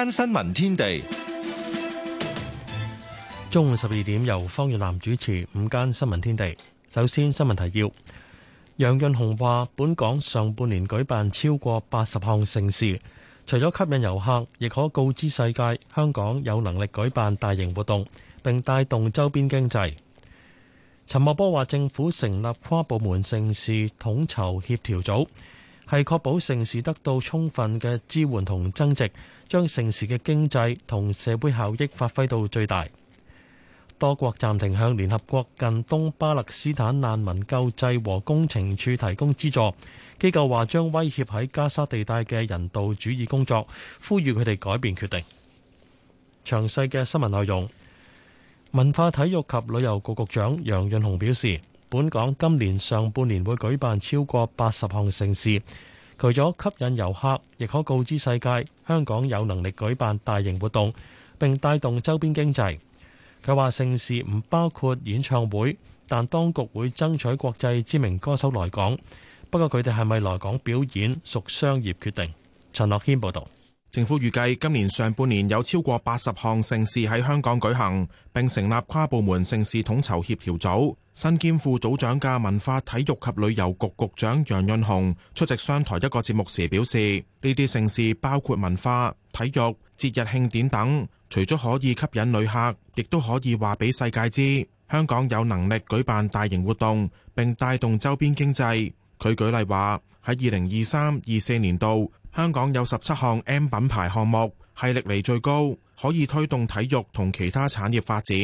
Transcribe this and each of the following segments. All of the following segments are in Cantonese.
間新聞天地，中午十二點由方月南主持。午間新聞天地，首先新聞提要。楊潤雄話，本港上半年舉辦超過八十項盛事，除咗吸引遊客，亦可告知世界香港有能力舉辦大型活動，並帶動周邊經濟。陳茂波話，政府成立跨部門盛事統籌協調組。係確保城市得到充分嘅支援同增值，將城市嘅經濟同社會效益發揮到最大。多國暫停向聯合國近東巴勒斯坦難民救濟和工程處提供資助，機構話將威脅喺加沙地帶嘅人道主義工作，呼籲佢哋改變決定。詳細嘅新聞內容，文化體育及旅遊局局長楊潤雄表示，本港今年上半年會舉辦超過八十項盛事。除咗吸引遊客，亦可告知世界香港有能力舉辦大型活動，並帶動周邊經濟。佢話，盛事唔包括演唱會，但當局會爭取國際知名歌手來港。不過，佢哋係咪來港表演，屬商業決定。陳樂謙報道。政府預計今年上半年有超過八十項盛事喺香港舉行，並成立跨部門盛事統籌協調組。新兼副組長嘅文化體育及旅遊局局長楊潤雄出席商台一個節目時表示，呢啲盛事包括文化、體育、節日慶典等，除咗可以吸引旅客，亦都可以話俾世界知香港有能力舉辦大型活動，並帶動周邊經濟。佢舉例話，喺二零二三、二四年度，香港有十七項 M 品牌項目，係歷嚟最高，可以推動體育同其他產業發展，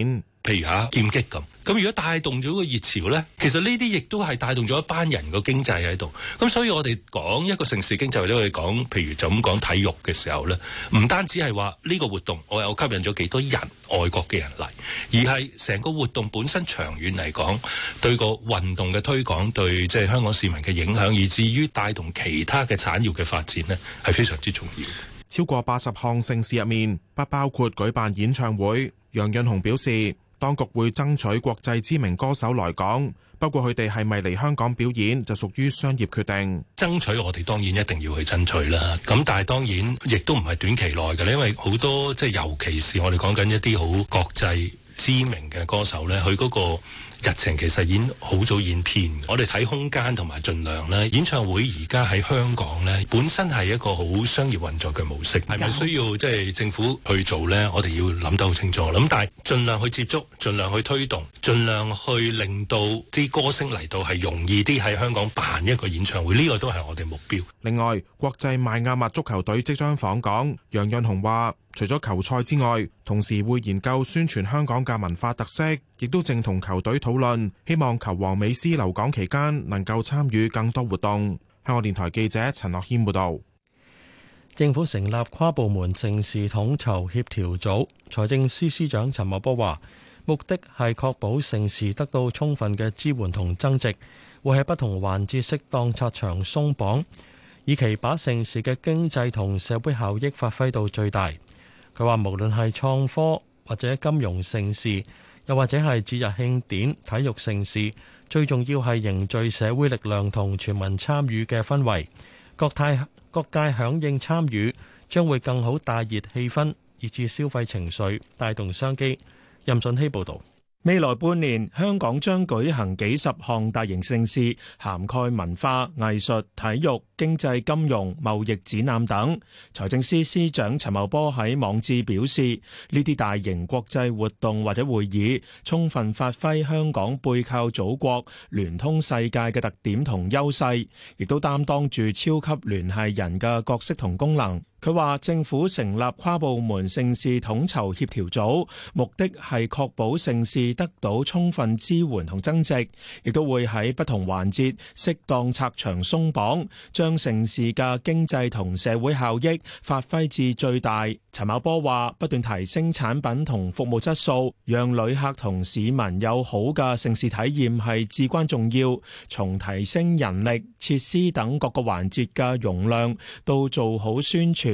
譬如吓，劍擊咁。咁如果帶動咗個熱潮咧，其實呢啲亦都係帶動咗一班人個經濟喺度。咁所以我哋講一個城市經濟或者我哋講譬如就咁講體育嘅時候咧，唔單止係話呢個活動我有吸引咗幾多人外國嘅人嚟，而係成個活動本身長遠嚟講對個運動嘅推廣，對即係香港市民嘅影響以至於帶動其他嘅產業嘅發展咧，係非常之重要嘅。超過八十項盛事入面，不包括舉辦演唱會楊潤雄表示。當局會爭取國際知名歌手來港，他們是，不過佢哋係咪嚟香港表演就屬於商業決定。爭取，我哋當然一定要去爭取啦，咁但係當然亦都唔係短期內嘅，因為好多即係尤其是我哋講緊一啲好國際知名嘅歌手呢，佢嗰個。日程其實已經好早演片我哋睇空間，同埋盡量呢，演唱會而家喺香港呢，本身係一個好商業運作嘅模式，係咪有需要即係政府去做呢？我哋要諗得好清楚，咁但係盡量去接觸，盡量去推動，盡量去令到啲歌星嚟到係容易啲喺香港辦一個演唱會，呢個都係我哋目標。另外，國際邁阿密足球隊即將訪港，楊潤雄話，除咗球賽之外，同時會研究宣傳香港嘅文化特色，亦都正同球隊討論，希望求王美斯留港期間能夠參與更多活動。香港電台記者陳樂謙報道。政府成立跨部門盛事統籌協調組，財政司司長陳茂波話，目的係確保盛事得到充分嘅支援同增值，會喺不同環節適當拆牆鬆綁，以期把盛事嘅經濟同社會效益發揮到最大。佢話無論係創科或者金融盛事。又或者係節日慶典、體育盛事，最重要係凝聚社會力量同全民參與嘅氛圍。各界響應參與，將會更好大熱氣氛，以至消費情緒，帶動商機。任信希報導。未來半年，香港將舉行幾十項大型盛事，涵蓋文化、藝術、體育、經濟、金融、貿易展覽等。財政司司長陳茂波喺網誌表示，呢啲大型國際活動或者會議，充分發揮香港背靠祖國、聯通世界嘅特點同優勢，亦都擔當住超級聯繫人嘅角色同功能。佢話政府成立跨部門盛事統籌協調組，目的係確保盛事得到充分支援同增值，亦都會喺不同環節適當拆牆鬆綁，將盛事嘅經濟同社會效益發揮至最大。陳茂波話不斷提升產品同服務質素，讓旅客同市民有好嘅盛事體驗係至關重要。從提升人力、設施等各個環節嘅容量，到做好宣傳。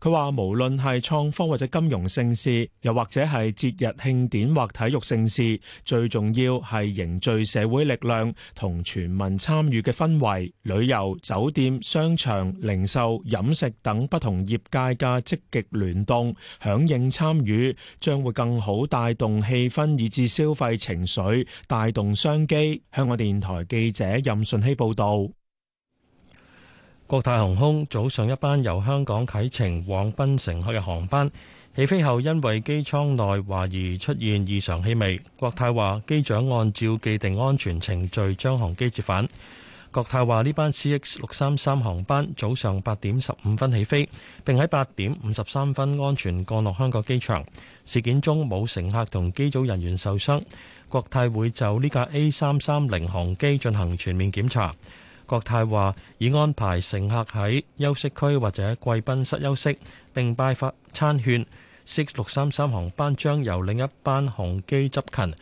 佢話：說無論係創科或者金融盛事，又或者係節日慶典或體育盛事，最重要係凝聚社會力量同全民參與嘅氛圍。旅遊、酒店、商場、零售、飲食等不同業界嘅積極聯動，響應參與，將會更好帶動氣氛，以至消費情緒，帶動商機。香港電台記者任順希報導。國泰航空早上一班由香港啟程往檳城去嘅航班起飛後，因為機艙內懷疑出現異常氣味，國泰話機長按照既定安全程序將航機折返。國泰話呢班 CX 六三三航班早上八點十五分起飛，並喺八點五十三分安全降落香港機場。事件中冇乘客同機組人員受傷。國泰會就呢架 A 三三零航機進行全面檢查。國泰話已安排乘客喺休息區或者貴賓室休息，並派發餐券。CX 六三三航班將由另一班航機執勤，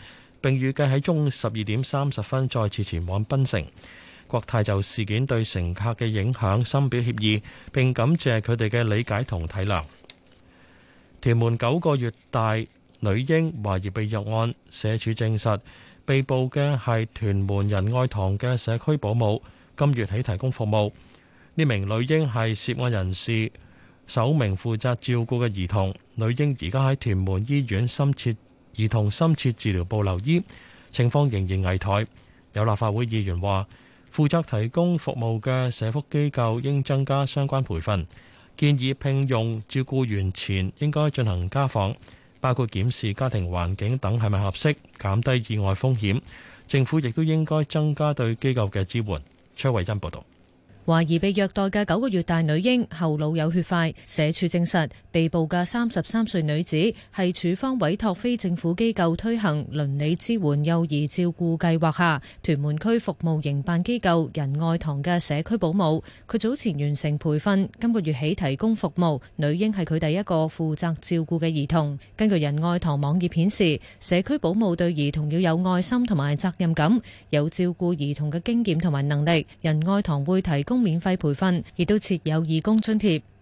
並預計喺中午十二點三十分再次前往檳城。國泰就事件對乘客嘅影響深表歉意，並感謝佢哋嘅理解同體諒。屯門九個月大女嬰懷疑被虐案，社署證實被捕嘅係屯門仁愛堂嘅社區保姆。今月起提供服務，呢名女嬰係涉案人士首名負責照顧嘅兒童。女嬰而家喺屯門醫院深切兒童深切治療部留醫，情況仍然危殆。有立法會議員話：負責提供服務嘅社福機構應增加相關培訓，建議聘用照顧員前應該進行家訪，包括檢視家庭環境等係咪合適，減低意外風險。政府亦都應該增加對機構嘅支援。崔慧欣報道。懷疑被虐待嘅九個月大女嬰後腦有血塊，社署證實被捕嘅三十三歲女子係署方委託非政府機構推行倫理支援幼兒照顧計劃下屯門區服務營辦機構仁愛堂嘅社區保姆，佢早前完成培訓，今個月起提供服務。女嬰係佢第一個負責照顧嘅兒童。根據仁愛堂網頁顯示，社區保姆對兒童要有愛心同埋責任感，有照顧兒童嘅經驗同埋能力。仁愛堂會提供。免費培訓亦都設有義工津貼。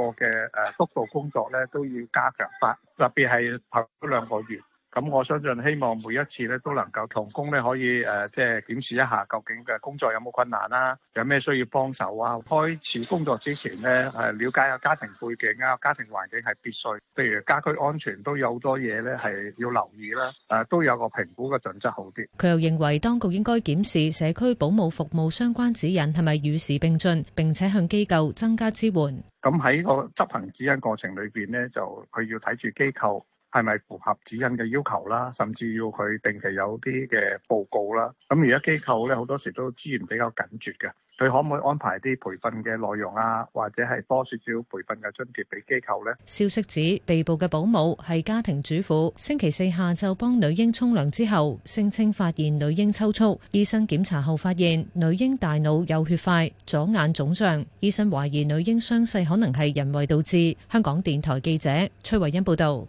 個嘅誒督導工作咧都要加強翻，特別係頭兩個月咁。我相信希望每一次咧都能夠同工咧可以誒，即係檢視一下究竟嘅工作有冇困難啦，有咩需要幫手啊。開始工作之前咧，誒了解下家庭背景啊、家庭環境係必須，譬如家居安全都有好多嘢咧係要留意啦。誒都有個評估嘅準則好啲。佢又認為當局應該檢視社區保姆服務相關指引係咪與時並進，並且向機構增加支援。咁喺個執行指引過程裏邊咧，就佢要睇住機構。係咪符合指引嘅要求啦？甚至要佢定期有啲嘅報告啦。咁而家機構咧好多時都資源比較緊絕嘅，佢可唔可以安排啲培訓嘅內容啊？或者係多少少培訓嘅津貼俾機構呢？消息指被捕嘅保姆係家庭主婦，星期四下晝幫女嬰沖涼之後，聲稱發現女嬰抽搐。醫生檢查後發現女嬰大腦有血塊，左眼腫脹。醫生懷疑女嬰傷勢可能係人為導致。香港電台記者崔慧欣報道。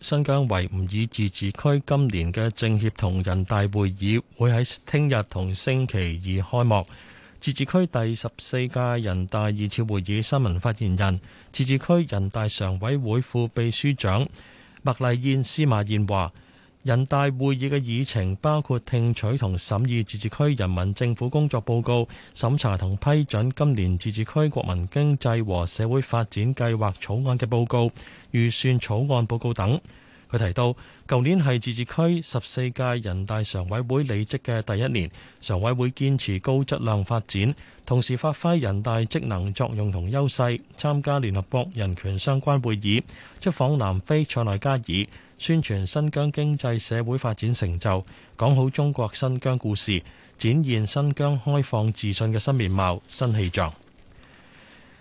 新疆維吾爾自治區今年嘅政協同人大會議會喺聽日同星期二開幕。自治區第十四屆人大二次會議新聞發言人、自治區人大常委會副秘書長麥麗燕、司馬燕話。人大會議嘅議程包括聽取同審議自治區人民政府工作報告、審查同批准今年自治區國民經濟和社會發展計劃草案嘅報告、預算草案報告等。佢提到，舊年係自治區十四屆人大常委會履職嘅第一年，常委會堅持高質量發展，同時發揮人大職能作用同優勢，參加聯合國人權相關會議，出訪南非、塞內加爾，宣傳新疆經濟社會發展成就，講好中國新疆故事，展現新疆開放自信嘅新面貌、新氣象。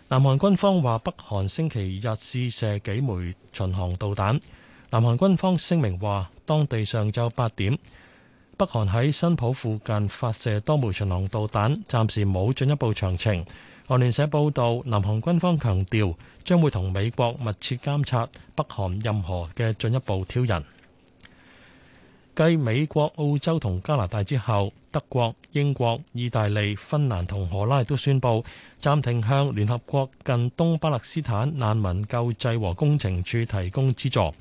南韓軍方話，北韓星期日試射幾枚巡航導彈。南韓軍方聲明話，當地上晝八點，北韓喺新浦附近發射多枚巡航導彈，暫時冇進一步詳情。韓聯社報道，南韓軍方強調將會同美國密切監察北韓任何嘅進一步挑釁。繼美國、澳洲同加拿大之後，德國、英國、意大利、芬蘭同荷蘭都宣布暫停向聯合國近東巴勒斯坦難民救濟和工程處提供資助。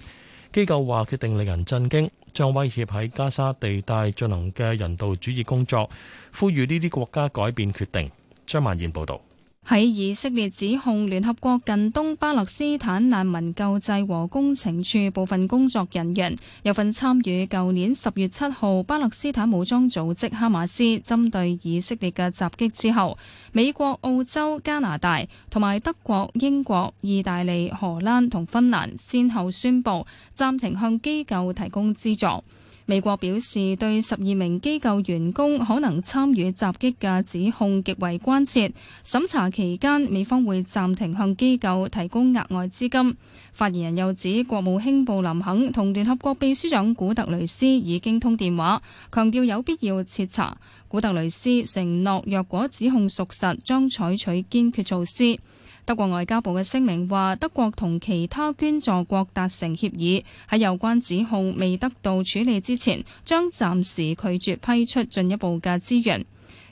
機構話決定令人震驚，將威脅喺加沙地帶進行嘅人道主義工作，呼籲呢啲國家改變決定。張曼燕報導。喺以色列指控聯合國近東巴勒斯坦難民救濟和工程處部分工作人員有份參與舊年十月七號巴勒斯坦武裝組織哈馬斯針對以色列嘅襲擊之後，美國澳洲、加拿大同埋德國英國意大利、荷蘭同芬蘭先後宣布暫停向機構提供資助。美國表示對十二名機構員工可能參與襲擊嘅指控極為關切。審查期間，美方會暫停向機構提供額外資金。發言人又指，國務卿布林肯同聯合國秘書長古特雷斯已經通電話，強調有必要徹查。古特雷斯承諾，若果指控屬實，將採取堅決措施。德國外交部嘅聲明話：德國同其他捐助國達成協議，喺有關指控未得到處理之前，將暫時拒絕批出進一步嘅資源。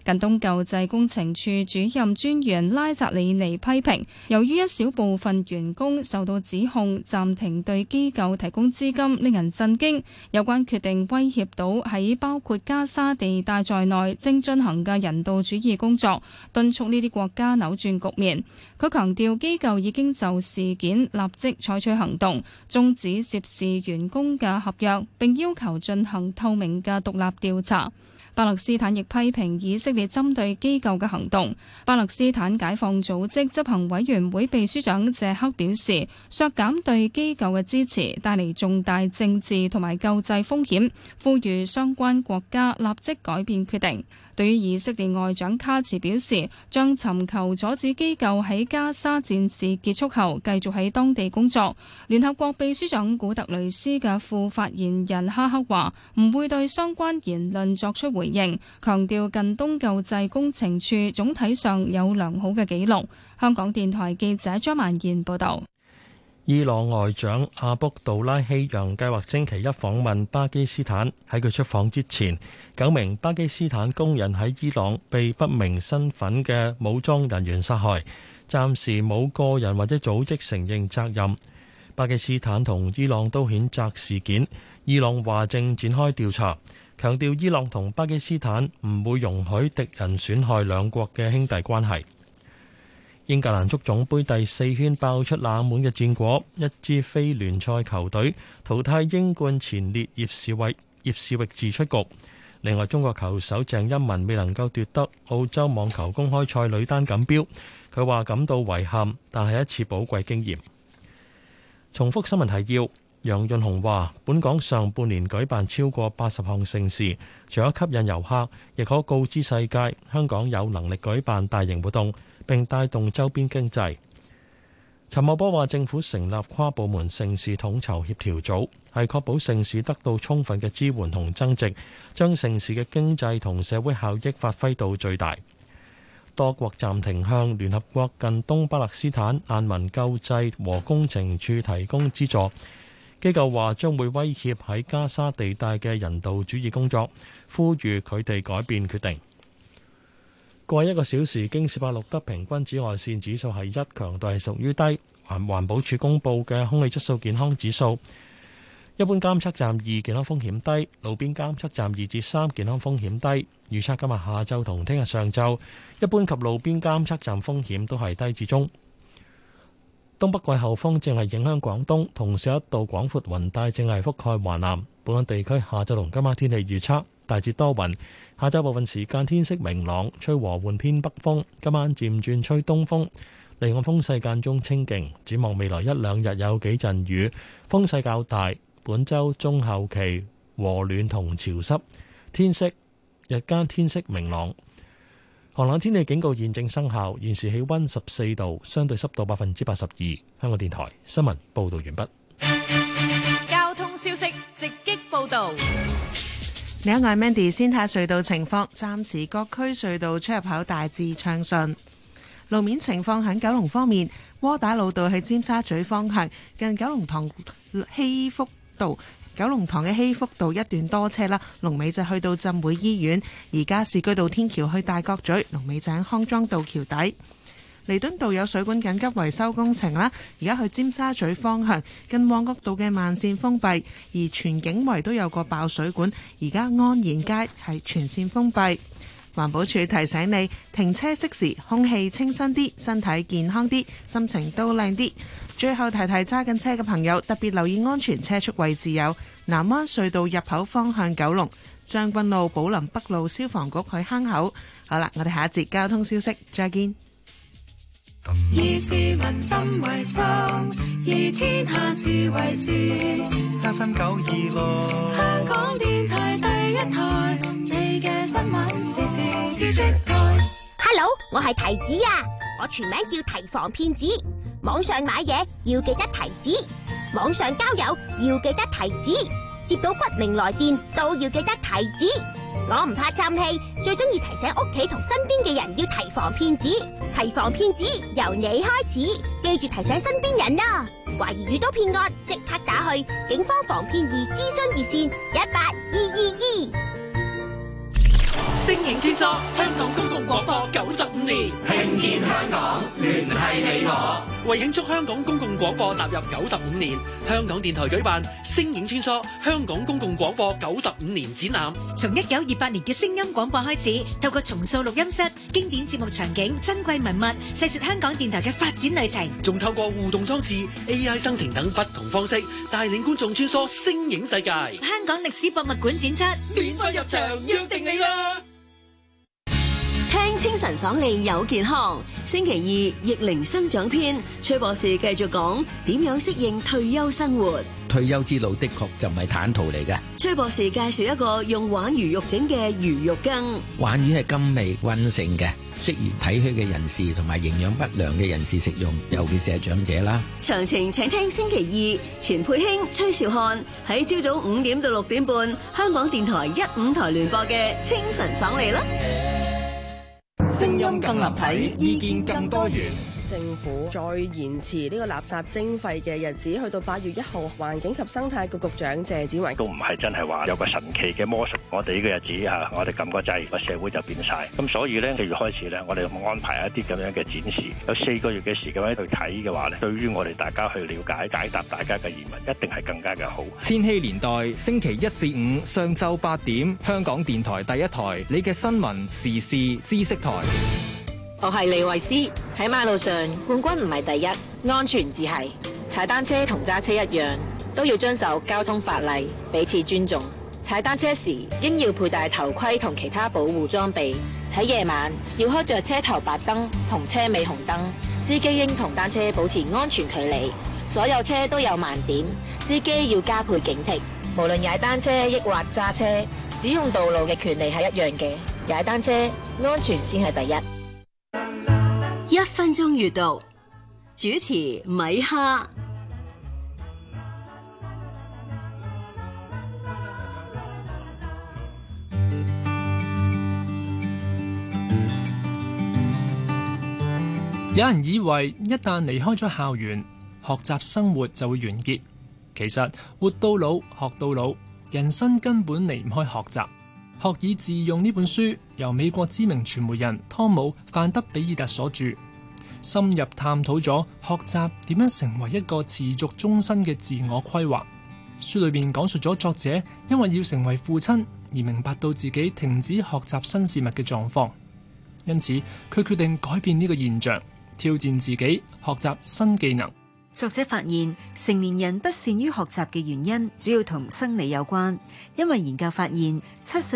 近東救濟工程處主任專員拉扎里尼批評，由於一小部分員工受到指控，暫停對機構提供資金，令人震驚。有關決定威脅到喺包括加沙地帶在內正進行嘅人道主義工作，敦促呢啲國家扭轉局面。佢強調，機構已經就事件立即採取行動，終止涉事員工嘅合約，並要求進行透明嘅獨立調查。巴勒斯坦亦批評以色列針對機構嘅行動，巴勒斯坦解放組織執行委員會秘書長謝克表示，削減對機構嘅支持帶嚟重大政治同埋救濟風險，呼籲相關國家立即改變決定。對於以色列外長卡茨表示，將尋求阻止機構喺加沙戰事結束後繼續喺當地工作。聯合國秘書長古特雷斯嘅副發言人哈克話：唔會對相關言論作出回應，強調近東救濟工程處總體上有良好嘅記錄。香港電台記者張曼燕報導。伊朗外長阿卜杜拉希揚計劃星期一訪問巴基斯坦。喺佢出訪之前，九名巴基斯坦工人喺伊朗被不明身份嘅武裝人員殺害，暫時冇個人或者組織承認責任。巴基斯坦同伊朗都譴責事件，伊朗話正展開調查，強調伊朗同巴基斯坦唔會容許敵人損害兩國嘅兄弟關係。英格蘭足總杯第四圈爆出冷門嘅戰果，一支非聯賽球隊淘汰英冠前列葉士域，葉士域自出局。另外，中國球手鄭欽文未能夠奪得澳洲網球公開賽女單錦標，佢話感到遺憾，但係一次寶貴經驗。重複新聞提要：楊潤雄話，本港上半年舉辦超過八十項盛事，除咗吸引遊客，亦可告知世界香港有能力舉辦大型活動。並帶動周邊經濟。陳茂波話：政府成立跨部門城市統籌協調組，係確保城市得到充分嘅支援同增值，將城市嘅經濟同社會效益發揮到最大。多國暫停向聯合國近東巴勒斯坦難民救濟和工程處提供資助。機構話將會威脅喺加沙地帶嘅人道主義工作，呼籲佢哋改變決定。過一個小時，京士柏錄得平均紫外線指數係一，強度係屬於低。環環保署公布嘅空氣質素健康指數，一般監測站二，健康風險低；路邊監測站二至三，健康風險低。預測今日下晝同聽日上晝，一般及路邊監測站風險都係低至中。東北季候風正係影響廣東，同時一道廣闊雲帶正係覆蓋華南。本港地區下晝同今晚天氣預測。大致多雲，下晝部分時間天色明朗，吹和緩偏北風。今晚漸轉吹東風，離岸風勢間中清勁。展望未來一兩日有幾陣雨，風勢較大。本周中後期和暖同潮濕，天色日間天色明朗。寒冷天氣警告現正生效，現時氣溫十四度，相對濕度百分之八十二。香港電台新聞報道完畢。交通消息直擊報道。另外，Mandy 先睇隧道情況，暫時各區隧道出入口大致暢順。路面情況喺九龍方面，窩打老道去尖沙咀方向近九龍塘希福道，九龍塘嘅希福道一段多車啦。龍尾就去到浸會醫院，而家市居道天橋去大角咀，龍尾就喺康莊道橋底。彌敦道有水管緊急維修工程啦，而家去尖沙咀方向，近旺角道嘅慢線封閉；而全景圍都有個爆水管，而家安然街係全線封閉。環保署提醒你停車熄匙，空氣清新啲，身體健康啲，心情都靚啲。最後提提揸緊車嘅朋友，特別留意安全車速位置有南灣隧道入口方向九龍、九龍將軍路、寶林北路、消防局去坑口。好啦，我哋下一節交通消息再見。以市民心為心，以天下事為事。三分九二六，香港電台第一台，你嘅新聞時事消息台。Hello，我係提子啊，我全名叫提防騙子。網上買嘢要記得提子，網上交友要記得提子。接到不明來電都要記得提子，我唔怕長氣，最中意提醒屋企同身邊嘅人要提防騙子，提防騙子由你開始，記住提醒身邊人啦、啊。懷疑遇到騙案，即刻打去警方防騙易諮詢熱線一八二二二。星影穿梭香港公共廣播九十五年，聽見香港，聯繫你我。為慶祝香港公共廣播踏入九十五年，香港電台舉辦《聲影穿梭香港公共廣播九十五年展覽》，從一九二八年嘅聲音廣播開始，透過重塑錄音室、經典節目場景、珍貴文物，細說香港電台嘅發展旅程，仲透過互動裝置、AI 生成等不同方式，帶領觀眾穿梭聲影世界。香港歷史博物館展出，免費入場，要定你啦！清晨爽利有健康，星期二逆齡生長篇，崔博士繼續講點樣適應退休生活。退休之路的確就唔係坦途嚟嘅。崔博士介紹一個用鯇魚肉整嘅魚肉羹，鯇魚係甘味溫性嘅，適宜體虛嘅人士同埋營養不良嘅人士食用，尤其是係長者啦。詳情請聽星期二錢佩卿、崔兆漢喺朝早五點到六點半香港電台一五台聯播嘅清晨爽利啦。聲音，聲音更立體，意見更多元。政府再延遲呢個垃圾徵費嘅日子，去到八月一號。環境及生態局局，局長謝展寰都唔係真係話有個神奇嘅魔術。我哋呢個日子我哋撳個掣，個社會就變晒咁，所以呢，就要開始呢，我哋安排一啲咁樣嘅展示，有四個月嘅時間喺度睇嘅話咧，對於我哋大家去了解、解答大家嘅疑問，一定係更加嘅好。千禧年代星期一至五上晝八點，香港電台第一台，你嘅新聞時事知識台。我係李慧斯，喺馬路上冠軍唔係第一，安全至係踩單車同揸車一樣，都要遵守交通法例，彼此尊重。踩單車時應要佩戴頭盔同其他保護裝備。喺夜晚要開着車頭白燈同車尾紅燈。司機應同單車保持安全距離。所有車都有盲點，司機要加倍警惕。無論踩單車抑或揸車，使用道路嘅權利係一樣嘅。踩單車安全先係第一。一分鐘閱讀，主持米哈。有人以為一旦離開咗校園，學習生活就會完結。其實活到老學到老，人生根本離唔開學習。《學以自用》呢本書由美國知名傳媒人湯姆范德比爾特所著。深入探討咗學習點樣成為一個持續終身嘅自我規劃。書裏面講述咗作者因為要成為父親而明白到自己停止學習新事物嘅狀況，因此佢決定改變呢個現象，挑戰自己學習新技能。作者發現成年人不善於學習嘅原因主要同生理有關，因為研究發現七歲。